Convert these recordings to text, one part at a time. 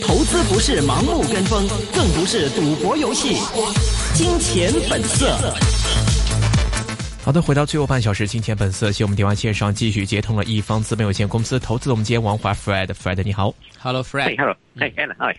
投資不是盲目跟風，更不是賭博遊戲。金錢本色。好的，回到最後半小時，金錢本色，謝我們電話線上繼續接通了易方資本有限公司投資總監王華，Fred，Fred，Fred, 你好，Hello，Fred，嗨，Hello，嗨，Anna，嗨。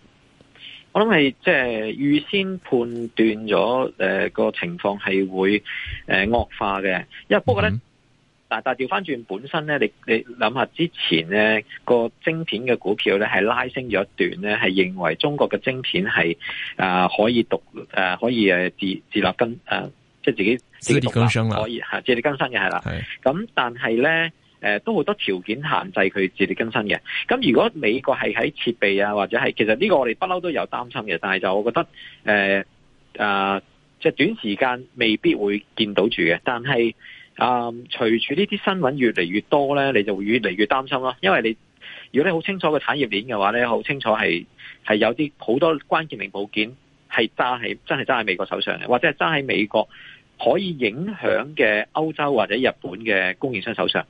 我諗係即係預先判斷咗誒個情況係會誒惡、呃、化嘅，因為不過咧、嗯，但係掉返轉本身咧，你你諗下之前咧個晶片嘅股票咧係拉升咗一段咧，係認為中國嘅晶片係、呃、可以獨誒、呃、可以誒自自立跟誒、呃，即係自己自力更生啦，可以吓自力更生嘅係啦。咁的但係咧。誒、呃、都好多條件限制佢自力更生嘅，咁如果美國係喺設備啊或者係，其實呢個我哋不嬲都有擔心嘅，但係就我覺得誒啊，即、呃、係、呃、短時間未必會見到住嘅，但係啊、呃、隨住呢啲新聞越嚟越多咧，你就會越嚟越擔心咯，因為你如果你好清楚個產業鏈嘅話咧，好清楚係係有啲好多關鍵零部件係揸喺真係揸喺美國手上嘅，或者係揸喺美國。可以影響嘅歐洲或者日本嘅供應商手上，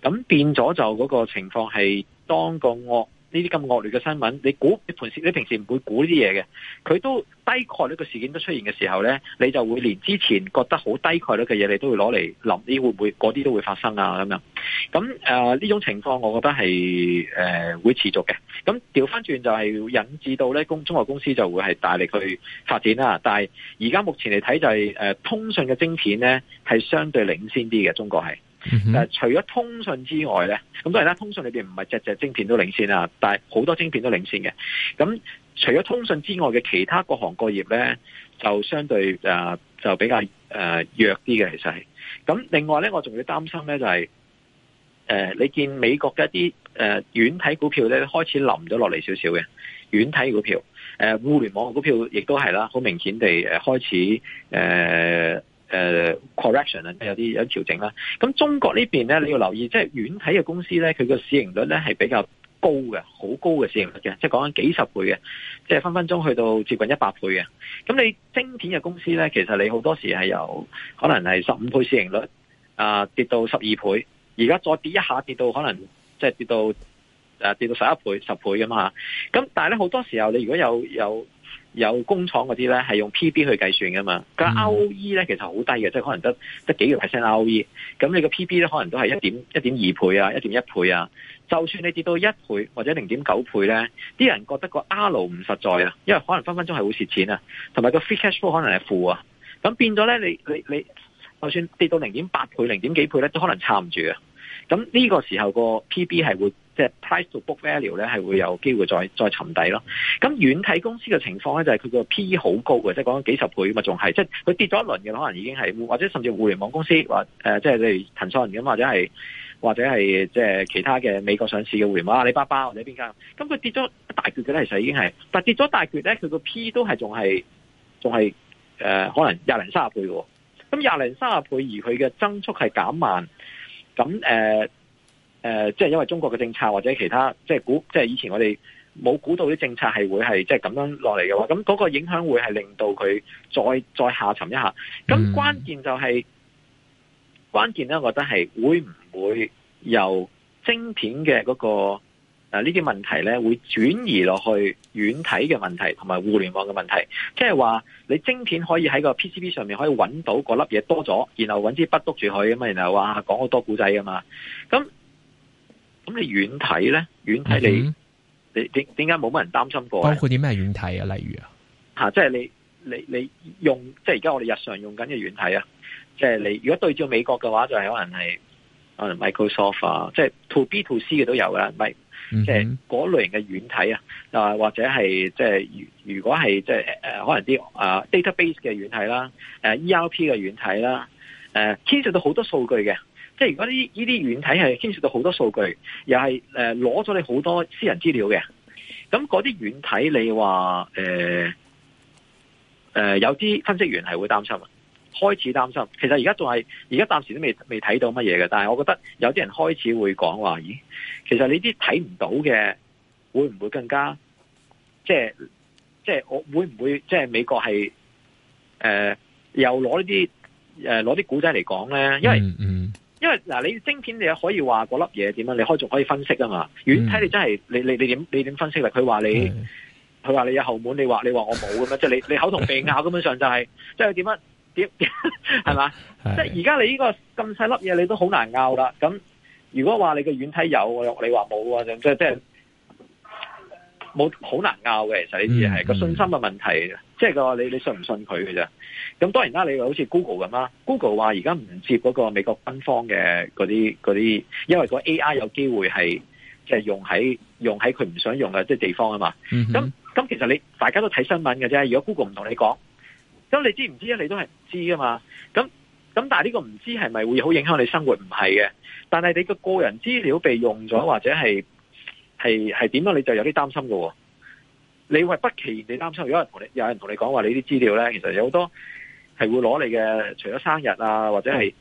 咁變咗就嗰個情況係當個惡。呢啲咁惡劣嘅新聞，你估你平時你平時唔會估呢啲嘢嘅，佢都低概率嘅事件都出現嘅時候呢，你就會連之前覺得好低概率嘅嘢，你都會攞嚟諗，啲會唔會嗰啲都會發生啊咁樣？咁誒呢種情況，我覺得係誒、呃、會持續嘅。咁調翻轉就係引致到呢公中國公司就會係大力去發展啦。但係而家目前嚟睇就係、誒、通訊嘅晶片呢係相對領先啲嘅，中國係。但係、嗯啊、除咗通訊之外咧，咁當然啦，通訊裏邊唔係只隻晶片都領先啦，但係好多晶片都領先嘅。咁、嗯、除咗通訊之外嘅其他各行各業咧，就相對誒、呃、就比較誒、呃、弱啲嘅，其實係。咁另外咧，我仲要擔心咧就係、是、誒、呃，你見美國嘅一啲誒軟體股票咧開始冧咗落嚟，少少嘅軟體股票，誒、呃、互聯網股票亦都係啦，好明顯地誒開始誒。呃誒、uh,，correction 啊，有啲有調整啦。咁中國這邊呢邊咧，你要留意，即係軟體嘅公司咧，佢個市盈率咧係比較高嘅，好高嘅市盈率嘅，即係講緊幾十倍嘅，即、就、係、是、分分鐘去到接近一百倍嘅。咁你晶片嘅公司咧，其實你好多時係有可能係十五倍市盈率，啊跌到十二倍，而家再跌一下跌到可能即係跌到誒、啊、跌到十一倍十倍咁嘛。咁但係咧好多時候你如果有有。有工廠嗰啲呢係用 P/B 去計算嘅嘛，個 ROE 呢其實好低嘅，即係可能得得幾個 percent ROE，咁你個 P/B 呢可能都係一點一點二倍啊、一點一倍啊，就算你跌到一倍或者零點九倍呢，啲人覺得個 R 唔實在啊，因為可能分分鐘係會蝕錢啊，同埋個 free cash flow 可能係負啊，咁變咗呢，你你你，你就算跌到零點八倍、零點幾倍呢，都可能撐唔住啊。咁呢個時候個 P/B 係會即係、就是、price to book value 咧係會有機會再再沉底咯。咁軟體公司嘅情況咧就係佢個 P 好高嘅，即係講緊幾十倍咁嘛，仲係即係佢跌咗一輪嘅，可能已經係或者甚至互聯網公司或誒即係你騰訊咁，或者係、呃就是、或者係即係其他嘅美國上市嘅互聯網阿里巴巴或者邊間，咁佢跌咗大橛嘅咧，其實已經係，但跌咗大橛咧，佢個 P 都係仲係仲係誒可能廿零卅倍嘅。咁廿零卅倍而佢嘅增速係減慢。咁誒誒即係因為中國嘅政策或者其他，即係估，即係以前我哋冇估到啲政策係會係即係咁樣落嚟嘅話，咁嗰個影響會係令到佢再再下沉一下。咁關鍵就係關鍵咧，我覺得係會唔會由晶片嘅嗰個？啊！呢啲問題咧，會轉移落去軟體嘅問題，同埋互聯網嘅問題，即係話你晶片可以喺個 PCB 上面可以揾到個粒嘢多咗，然後揾支筆督住佢咁嘛，然後哇講好多古仔㗎嘛。咁咁你軟體咧，軟體你、嗯、哼你點點解冇乜人擔心過？包括啲咩軟體啊？例如啊，吓即係你你你用即係而家我哋日常用緊嘅軟體啊，即係你如果對照美國嘅話，就係可能係。可能 Microsoft、呃呃 ER、啊、呃，即係 To B To C 嘅都有㗎啦，唔係即係嗰類型嘅軟體啊，啊或者係即係如果係即係誒可能啲啊 database 嘅軟體啦，誒 ERP 嘅軟體啦，誒牽涉到好多數據嘅，即係如果呢呢啲軟體係牽涉到好多數據，又係誒攞咗你好多私人資料嘅，咁嗰啲軟體你話誒誒有啲分析員係會擔心啊？開始擔心，其實而家仲係而家暫時都未未睇到乜嘢嘅，但係我覺得有啲人開始會講話，咦，其實你啲睇唔到嘅會唔會更加即係即係我會唔會即係美國係誒、呃、又攞、呃、呢啲誒攞啲古仔嚟講咧？因為、嗯嗯、因為嗱，你晶片你又可以話嗰粒嘢點樣，你開仲可以分析噶嘛？遠睇、嗯、你真係你你你點你點分析咧？佢話你佢話、嗯、你有後門，你話你話我冇咁樣，即係 你你口同鼻拗，根本上就係即係點樣？點係嘛？ 吧即係而家你呢個咁細粒嘢，你都好難拗啦。咁如果話你個軟體有，你話冇啊？即係即係冇好難拗嘅。其實呢啲係個信心嘅問題，即係個你你信唔信佢嘅啫。咁當然啦，你好似 Go Google 咁啦，Google 話而家唔接嗰個美國軍方嘅嗰啲嗰啲，因為個 AI 有機會係即係用喺用喺佢唔想用嘅即係地方啊嘛。咁咁、嗯、哼其實你大家都睇新聞嘅啫。如果 Google 唔同你講。咁你知唔知啊？你都係唔知噶嘛？咁咁，但係呢個唔知係咪會好影響你生活？唔係嘅，但係你個個人資料被用咗或者係係係點樣？你就有啲擔心噶。你話不期然你擔心，如果有人同你有人同你講話，你啲資料咧，其實有好多係會攞你嘅，除咗生日啊，或者係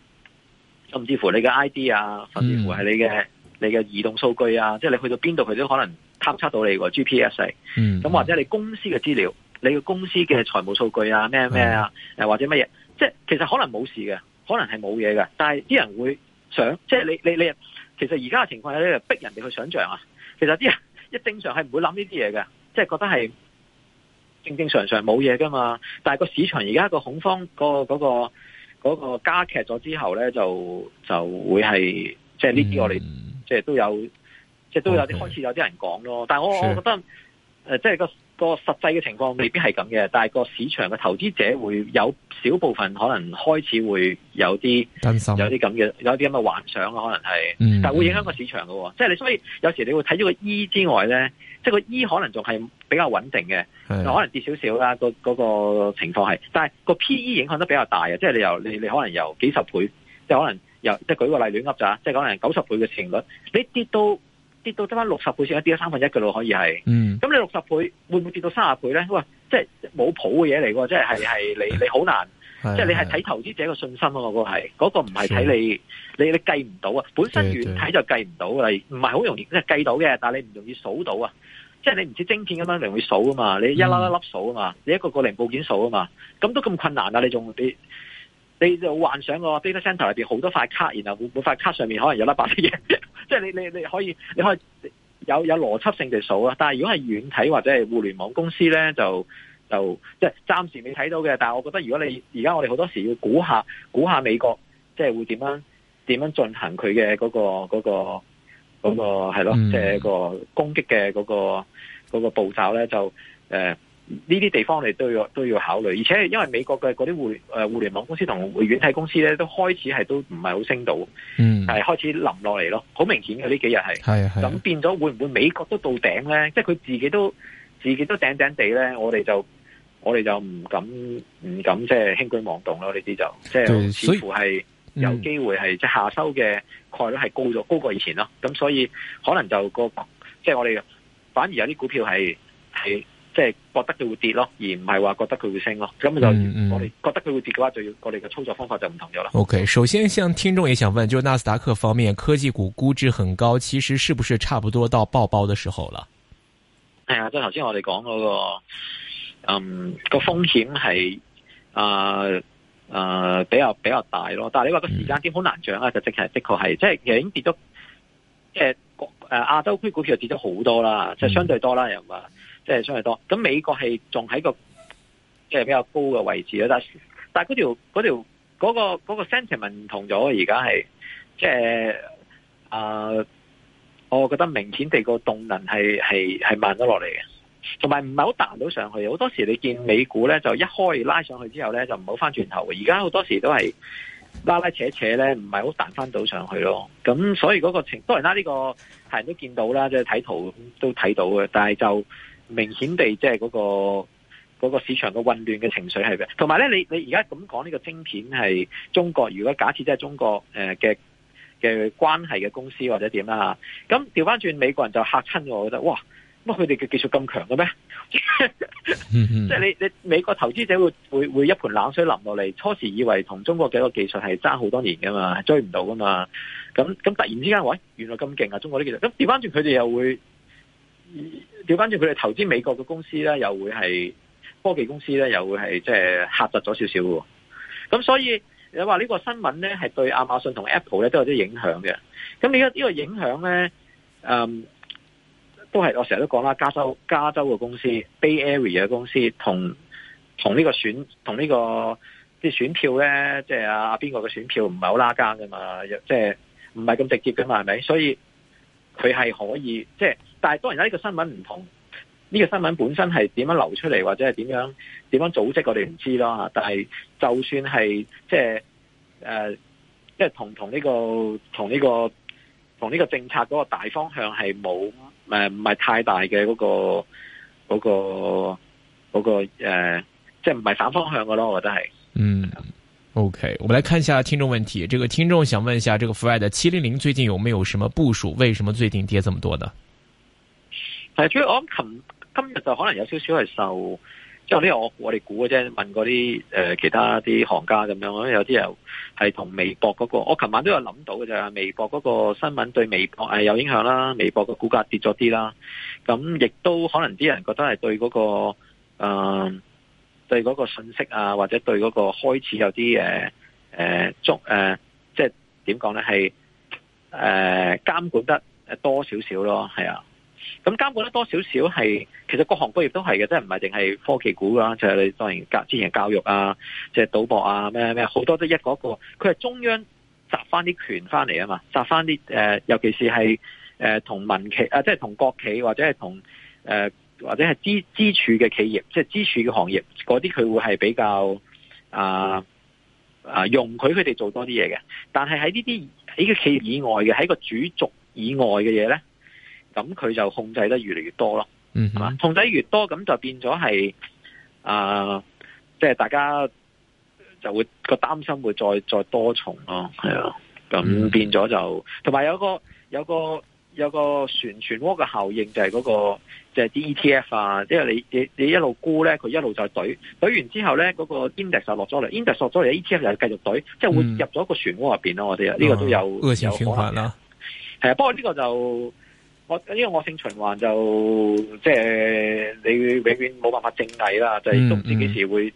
甚至乎你嘅 ID 啊，甚至乎係你嘅你嘅移動數據啊，嗯、即係你去到邊度佢都可能探測到你個 GPS 咁、嗯、或者你公司嘅資料，你個公司嘅財務數據啊，咩咩啊，或者乜嘢，即係其實可能冇事嘅，可能係冇嘢嘅，但係啲人會想，即係你你你，其實而家嘅情況係你逼人哋去想像啊。其實啲人一正常係唔會諗呢啲嘢嘅，即係覺得係正正常常冇嘢噶嘛。但係個市場而家個恐慌個嗰個嗰個加劇咗之後咧，就就會係即係呢啲我哋、嗯、即係都有，即係都有啲 okay. 開始有啲人講咯。但係我的我覺得、呃、即係個。個實際嘅情況未必係咁嘅，但係個市場嘅投資者會有少部分可能開始會有啲擔心，有啲咁嘅，有啲咁嘅幻想啊，可能係，嗯、但係會影響個市場嘅、哦，即係你所以有時你會睇咗個 E 之外咧，即係個 E 可能仲係比較穩定嘅，是可能跌少少啦，嗰個情況係，但係個 P/E 影響得比較大啊，即係你由你你可能由幾十倍，即係可能由即係舉個例亂噏咋，即係可能九十倍嘅市盈率，你跌到。跌到得翻六十倍先，一跌咗三分一嘅咯，可以係。嗯。咁你六十倍，會唔會跌到三十倍咧？哇！即係冇譜嘅嘢嚟喎，即係係係你你好難。 即係你係睇投資者嘅信心咯、啊，嗰、嗰個係嗰個唔係睇你，你你計唔到啊！本身軟體就計唔到啦，唔係好容易即係計到嘅，但係你唔容易數到啊！即係你唔知晶片咁樣嚟去數啊嘛，你一粒粒粒數啊嘛，你一個個零部件數啊嘛，咁都咁困難啊！你仲你？你就幻想個 data center 入邊好多塊卡，然後每塊塊卡上面可能有粒白色嘢，即 係你你你可以你可以有有邏輯性地數啊。但係如果係遠睇或者係互聯網公司咧，就就即係暫時未睇到嘅。但係我覺得如果你而家我哋好多時要估下估下美國是，即係會點樣點樣進行佢嘅嗰個嗰、嗰個嗰，嗰個係咯，即係，就是嗰個攻擊嘅嗰個嗰個步驟咧，就誒。呃呢啲地方你都要都要考慮，而且因為美國嘅嗰啲互誒互聯網公司同軟體公司咧，都開始係都唔係好升到，係、嗯、開始冧落嚟咯，好明顯嘅呢幾日係。係係咁變咗，會唔會美國都到頂咧？即係佢自己都自己都頂頂地咧，我哋就我哋就唔敢唔敢即係輕舉妄動咯。呢啲就即係似乎係有機會係、嗯、即係下收嘅概率係高咗，高過以前咯。咁所以可能就個即係我哋反而有啲股票係係。即係覺得佢會跌咯，而唔係話覺得佢會升咯。咁、嗯、就我哋覺得佢會跌嘅話，就要、嗯、我哋嘅操作方法就唔同咗啦。OK，首先向聽眾也想問，就納斯達克方面科技股估值很高，其實是不是差不多到爆煲的時候喇？係啊，即係頭先我哋講嗰個，嗯，個風險係，啊、呃、啊、呃，比較比較大咯。但係你話個時間點好難掌握、嗯，就即係的確係，即係已經跌咗，即係國誒亞洲區股票跌咗好多啦，嗯、就相對多啦，又話。即係相對多，咁美國係仲喺個即係、就是、比較高嘅位置咯，但係嗰條嗰條嗰個、嗰個 sentiment 唔同咗，而家係即係啊，我覺得明顯地個動能係係係慢咗落嚟嘅，同埋唔係好彈到上去。好多時你見美股咧就一開拉上去之後咧就唔好翻轉頭，而家好多時都係拉拉扯扯咧，唔係好彈翻到上去咯。咁所以嗰個情當然啦，呢個係人都見到啦，即係睇圖都睇到嘅，但係就。明顯地、那個，即係嗰個嗰個市場嘅混亂嘅情緒係，同埋咧，你你而家咁講呢個晶片係中國，如果假設即係中國誒嘅嘅關係嘅公司或者點啦，咁調翻轉美國人就嚇親，我覺得哇，乜佢哋嘅技術咁強嘅咩？即 係 你你美國投資者會會會一盆冷水淋落嚟，初時以為同中國嘅個技術係爭好多年㗎嘛，追唔到㗎嘛，咁咁突然之間，喂，原來咁勁啊！中國啲技術，咁調翻轉佢哋又會。調翻轉佢哋投資美國嘅公司咧，又會係科技公司咧，又會係即係吓窒咗少少喎。咁、就是、所以你話呢個新聞咧，係對亞馬遜同 Apple 咧都有啲影響嘅。咁呢個呢個影響咧，嗯，都係我成日都講啦，加州加州嘅公司 Bay Area 嘅公司，同同呢個選同呢、這個即係選票咧，即係阿邊邊個嘅選票唔係好拉更嘅嘛，即係唔係咁直接嘅嘛，係咪？所以。佢係可以，即係，但係當然呢個新聞唔同，呢個新聞本身係點樣流出嚟，或者係點樣點樣組織，我不知道，我哋唔知咯，但係就算係，即、呃、係，誒、即係，即係同同呢個同呢個同呢個政策嗰個大方向係冇，誒唔係太大嘅嗰個嗰個嗰個誒，即係唔係反方向嘅咯，我覺得係，嗯。O.K. 我們來看一下聽眾問題，這個聽眾想問一下，這個 Fred 七零零最近有沒有什麼部署？為什麼最近跌這麼多呢？係主要我諗今今日就可能有少少係受，即係呢我我哋估嘅啫，問嗰啲誒其他啲行家咁樣，有啲人係同微博嗰個，我琴晚都有諗到嘅就係微博嗰個新聞對微博係、呃、有影響啦，微博個股價跌咗啲啦，咁亦都可能啲人覺得係對嗰個誒。呃對嗰個信息啊，或者對嗰個開始有啲誒誒捉誒、呃，即係點講咧？係誒監管得多少少咯，係啊。咁、嗯、監管得多少少係，其實各行各業都係嘅，即係唔係淨係科技股啦，就係、是、你當然教之前教育啊，即係賭博啊，咩咩好多都一個一個。佢係中央集翻啲權翻嚟啊嘛，集翻啲誒，尤其是係同、呃、民企啊、呃，即係同國企或者係同誒。呃或者係支支柱嘅企業，即係支柱嘅行業，嗰啲佢會係比較啊啊、呃、容許佢哋做多啲嘢嘅。但係喺呢啲喺個企業以外嘅，喺個主軸以外嘅嘢咧，咁佢就控制得越嚟越多咯。嗯哼，係嘛、啊，控制越多，咁就變咗係啊，即、呃、係、就是、大家就會個擔心會再再多重咯。係啊，咁變咗就同埋、嗯、哼有個有個。有一個有個旋漩渦嘅效應就係、是、嗰、那個，就係、是、啲 E T F 啊，即、就、係、是、你你你一路沽咧，佢一路就懟懟完之後咧，嗰、那個 index 就落咗嚟，index 落咗嚟，E T F 又繼續懟，即係會入咗個漩渦入邊咯。我哋啊，呢個都有、嗯、有可能啊。係啊，不過呢個就我呢、這個惡性循環，就即、是、係你永遠冇辦法正逆啦，就係、是、都唔知幾時會。嗯嗯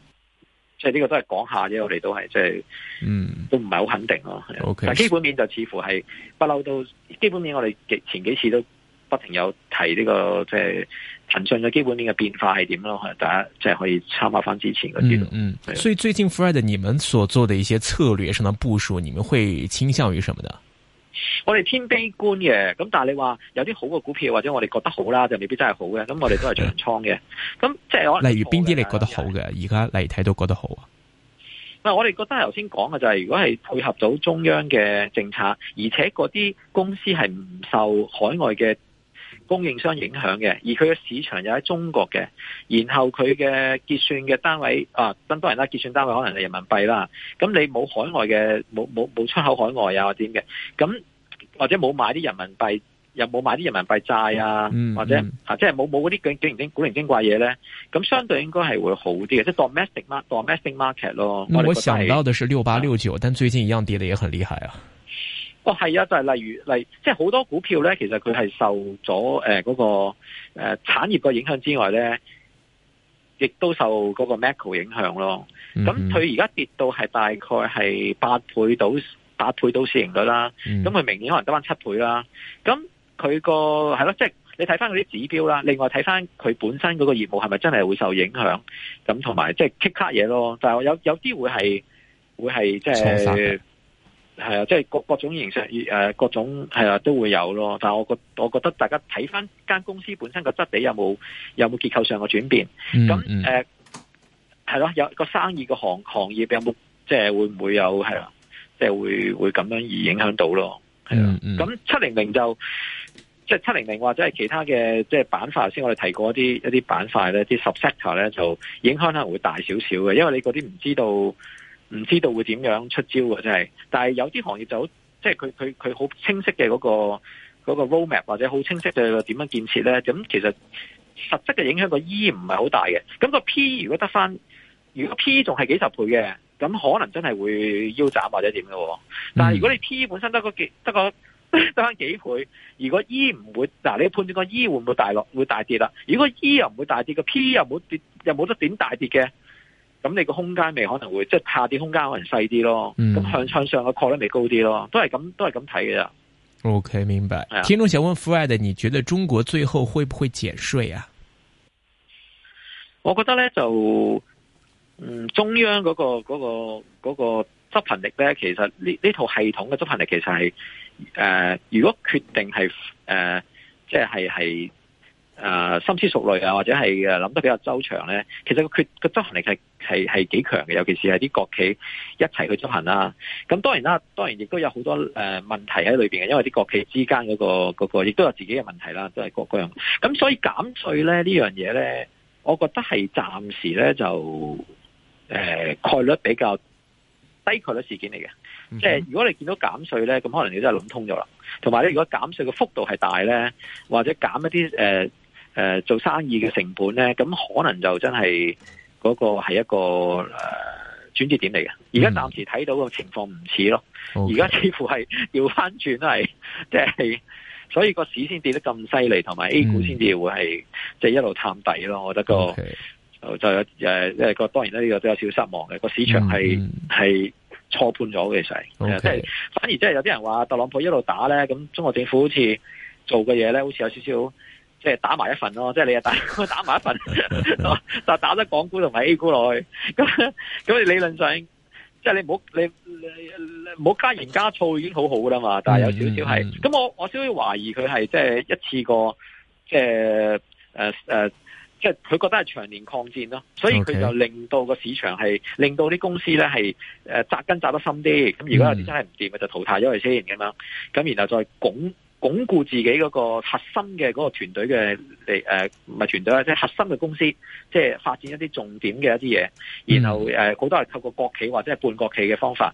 即係呢個都係講下啫，我哋都係即係，嗯，都唔係好肯定咯，ok 但基本面就似乎係不嬲都，基本面我哋幾前幾次都不停有提呢、這個即係、就是、騰訊嘅基本面嘅變化係點咯，大家即係可以參考翻之前嗰啲咯。嗯，所以最近 Fred 你們所做的一些策略上嘅部署，你們會傾向於什麼呢？我哋偏悲觀嘅，咁但係你話有啲好嘅股票或者我哋覺得好啦，就未必真係好嘅，咁我哋都係長倉嘅，咁 即係我例如邊啲你覺得好嘅，而家嚟睇都覺得好啊。嗱，我哋覺得頭先講嘅就係、是、如果係配合到中央嘅政策，而且嗰啲公司係唔受海外嘅。供應商影響嘅，而佢嘅市場又喺中國嘅，然後佢嘅結算嘅單位啊，更多人啦，結算單位可能係人民幣啦。咁你冇海外嘅，冇冇冇出口海外啊？或點嘅？咁或者冇買啲人民幣，又冇買啲人民幣債啊？或者啊，嗯，或者啊，即係冇冇嗰啲鬼鬼靈精古靈精怪嘢咧？咁相對應該係會好啲嘅，即係 domestic market，domestic market 咯。我想到嘅係六八六九，但最近一樣跌得也很厲害啊。哦，係啊，就係例如，例如即係好多股票咧，其實佢係受咗誒嗰個誒、呃、產業嘅影響之外咧，亦都受嗰個 Macro 影響咯。咁佢而家跌到係大概係八倍到八倍到市盈率啦。咁佢，mm hmm. 明年可能得翻七倍啦。咁佢個係咯，即係你睇翻嗰啲指標啦。另外睇翻佢本身嗰個業務係咪真係會受影響？咁同埋即係 cut 卡嘢咯。但係有有啲會係會係即係。係啊，即係各各種形式，誒、呃，各種係啊，都會有咯。但係我覺，我覺得大家睇翻，間公司本身個質地有冇有冇結構上嘅轉變？咁誒係咯，有個生意個行行業有冇，即係會唔會有係啊，即係會會咁樣而影響到咯，係啊。咁七零零就即係七零零或者係其他嘅，即係板塊先，我哋提過一啲一啲板塊咧，啲 subsector 咧就影響可能會大少少嘅，因為你嗰啲唔知道。唔知道會點樣出招嘅，真係。但係有啲行業就好，即係佢佢佢好清晰嘅嗰個嗰個 roadmap，或者好清晰嘅點樣建設咧。咁其實實質嘅影響個 E 唔係好大嘅。咁個 P 如果得翻，如果 P 仲係幾十倍嘅，咁可能真係會腰斬或者點嘅。但係如果你 P 本身得個幾得個得翻幾倍，如果 E 唔會，嗱你判斷個 E 會唔會大落，會大跌啦。如果 E 又唔會大跌，個 P 又冇跌，又冇得點大跌嘅。咁你個空間未可能會，即係下啲空間可能細啲咯。咁向、嗯、向上嘅概率咪高啲咯，都係咁，都係咁睇嘅啫。OK，明白。聽眾想問 Fred，你覺得中國最後會唔會減稅啊？我覺得呢，就，嗯，中央嗰、嗰個嗰、嗰個、嗰個執、嗰個、行力呢，其實呢呢套系統嘅執行力其實係誒、呃，如果決定係誒、呃，即係係。誒、呃，深思熟慮啊，或者係誒諗得比較周詳咧。其實個決、那個執行力係係係幾強嘅，尤其是係啲國企一齊去執行啦、啊。咁當然啦，當然亦都有好多誒、呃、問題喺裏邊嘅，因為啲國企之間嗰、那個、那個亦、那個、都有自己嘅問題啦，都係各種各樣。咁、那個、所以減稅咧呢樣嘢咧，我覺得係暫時咧就誒、呃、概率比較低概率事件嚟嘅。嗯、哼即係如果你見到減稅咧，咁可能你真係諗通咗啦。同埋咧，如果減稅嘅幅度係大咧，或者減一啲誒。呃誒、呃，做生意嘅成本咧，咁可能就真係嗰個係一個誒轉折點嚟嘅。而家暫時睇到個情況唔似咯，而家 Okay. 似乎係調翻轉啦，係即係所以個市先跌得咁犀利，同埋 A 股先至會係即係一路探底咯。我覺得個 Okay. 就就誒，即係個當然咧，呢個都有少少失望嘅。個市場係係錯判咗嘅，其實即係 Okay.、呃、反而即係有啲人話特朗普一路打咧，咁中國政府好似做嘅嘢咧，好似有少少。即係打埋一份咯，即係你又打打埋一份，就 打得港股同埋 A 股落去。咁咁理論上，即係你唔好你唔好加鹽加醋已經好好㗎啦嘛。但係有少少係，咁、嗯嗯、我我少少懷疑佢係即係一次過，即係誒誒，即係佢覺得係長年抗戰咯。所以佢就令到個市場係，Okay. 令到啲公司咧係誒紮根扎得深啲。咁如果有啲真係唔掂嘅，就淘汰咗佢先咁樣。咁、嗯、然後再拱。鞏固自己嗰個核心嘅嗰個團隊嘅，嚟誒，唔係團隊啊，即係核心嘅公司，即係發展一啲重點嘅一啲嘢，然後誒好，嗯呃，多係透過國企或者係半國企嘅方法。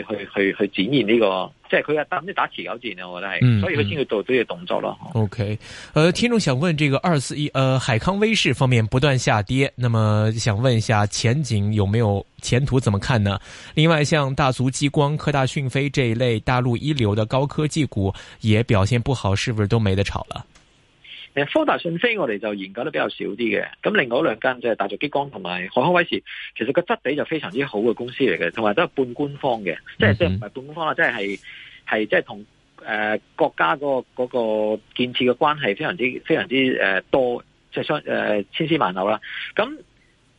去去去去展現呢、這個，即係佢啊等啲打持久戰啊，我覺得係，所以佢先去做啲嘅動作咯、嗯。OK，呃，聽眾想問這個二四一，呃，海康威視方面不斷下跌，那麼想問一下前景有沒有前途？怎麼看呢？另外，像大族激光、科大訊飛這一類大陸一流的高科技股也表現不好，是不是都沒得炒了？誒，科大訊飛我哋就研究得比較少啲嘅，咁另外兩間就係大族激光同埋海康威視，其實個質地就非常之好嘅公司嚟嘅，同埋都係半官方嘅，即係即係唔係半官方啦，即係係係即係同誒國家嗰個嗰個建設嘅關係非常之非常之誒多，即係相誒千絲萬縷啦。咁誒、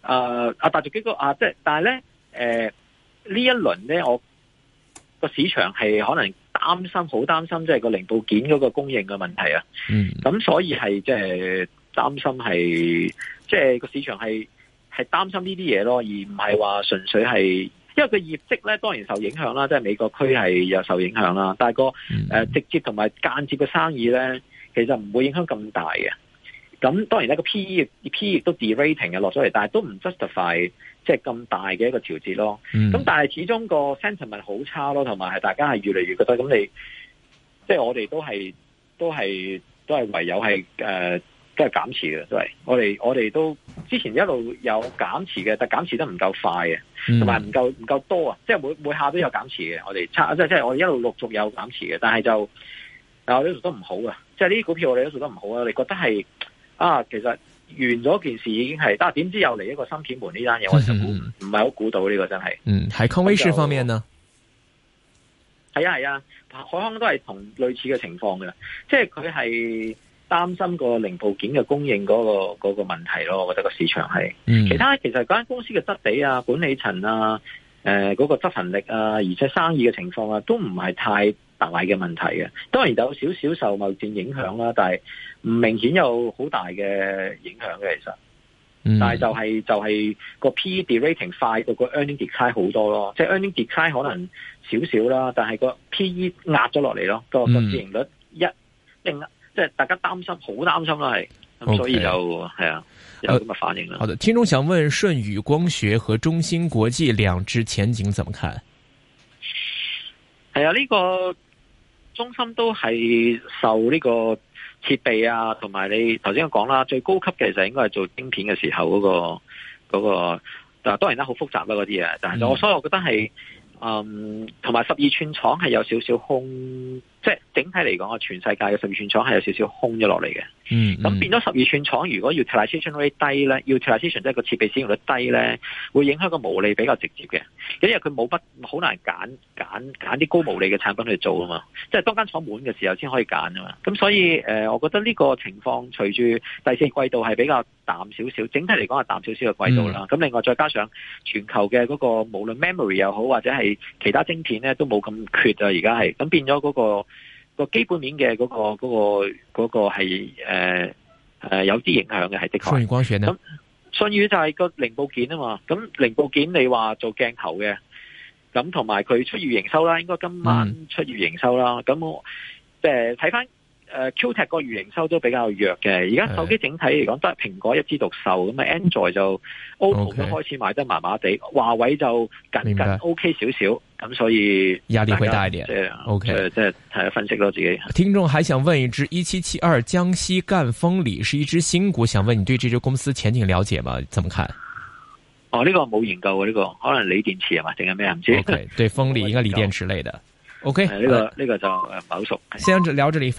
呃、大族激光啊，即係但係咧誒呢、呃、一輪咧，我個市場係可能。擔心好擔心，即係、就是、個零部件嗰個供應嘅問題啊！咁所以係即係擔心係，即係個市場係係擔心呢啲嘢咯，而唔係話純粹係，因為個業績咧當然受影響啦，即係美國區係又受影響啦。但係個誒、嗯呃、直接同埋間接嘅生意咧，其實唔會影響咁大嘅。咁當然咧個 P E P E 亦都 de-rating 嘅落咗嚟，但係都唔 justify。即係咁大嘅一個調節咯，咁、嗯、但係始終個 sentiment 好差咯，同埋係大家係越嚟越覺得咁你，即係我哋都係都係都係唯有係誒都係減持嘅，都係、就是、我哋我哋都之前一路有減持嘅，但係減持得唔夠快嘅，同埋唔夠唔夠多啊！即係每每下都有減持嘅，我哋差即係即係我哋一路陸續有減持嘅，但係就我哋都，都做得唔好啊！即係呢啲股票我哋都做得唔好啊！你覺得係啊，其實。完咗件事已經係，但係點知又嚟一個芯片門呢單嘢，我估唔係好估到呢個真係。嗯，海康威視方面呢？係啊係啊，海康都係同類似嘅情況噶，即係佢係擔心個零部件嘅供應嗰、嗰個嗰、嗰個問題咯。我覺得個市場係，其他其實間公司嘅質地啊、管理層啊、誒、呃、嗰、嗰個執行力啊，而且生意嘅情況啊，都唔係太。行位嘅問題嘅，當然有少少受貿易戰影響啦，但係唔明顯有好大嘅影響嘅其實。但係就係、是、就係、是、個 P E de-rating 快，得個個、e、earning decline 好多咯，即係、e、earning decline 可能少少啦，但係個 P E 壓咗落嚟咯，個個市盈率一，定，即係大家擔心，好擔心啦係，咁所以就係啊，Okay. 有咁嘅反應啦。Uh, 好的，聽眾想問舜宇光學和中芯國際兩隻前景怎麼看？係啊，呢個。中心都係受呢個設備啊，同埋你頭先講啦，最高級其實應該係做晶片嘅時候嗰個嗰個，但、嗰個、當然啦，好複雜啦嗰啲嘢。嗯、但係我所以我覺得係，嗯，同埋十二寸廠係有少少空。即係整體嚟講，全世界嘅十二寸廠係有少少空咗落嚟嘅。嗯，咁變咗十二寸廠，如果要 utilization rate 低咧，要 utilization 即係個設備使用率低咧，嗯、會影響個毛利比較直接嘅。因為佢冇不，好難揀揀揀啲高毛利嘅產品去做啊、嗯、嘛。即係當間廠滿嘅時候先可以揀啊嘛。咁、嗯、所以誒、呃，我覺得呢個情況隨住第四季度係比較淡少少，整體嚟講係淡少少嘅季度啦。咁、嗯、另外再加上全球嘅嗰、那個無論 memory 又好，或者係其他晶片咧，都冇咁缺啊。而家係咁變咗嗰、那個。個基本面嘅嗰、那個嗰、那個、那個係誒誒有啲影響嘅係的確。是的，信源光學，咁信源就係個零部件啊嘛，咁零部件你話做鏡頭嘅，咁同埋佢出月營收啦，應該今晚出月營收啦，咁我即係睇翻誒 QTE 個月營收都比較弱嘅。而家手機整體嚟講，都係蘋果一枝獨秀，咁啊的 Android 就 Oppo 都開始賣得麻麻地，華 Okay, 為就僅僅 OK 少少。咁、嗯、所以壓力會大一點。對啊 OK，即係睇下分析咯自己。聽眾還想問一支一七七二江西贛鋒鋰是一支新股，想問你對這支公司前景了解嗎？怎麼看？哦，呢、這個冇研究嘅呢、這個，可能鋰電池係嘛定係咩唔知。O、okay, K，對，鋒鋰應該鋰電池類嘅。OK，呢個呢個就唔係好熟。Okay, 嗯、先至聊這裏。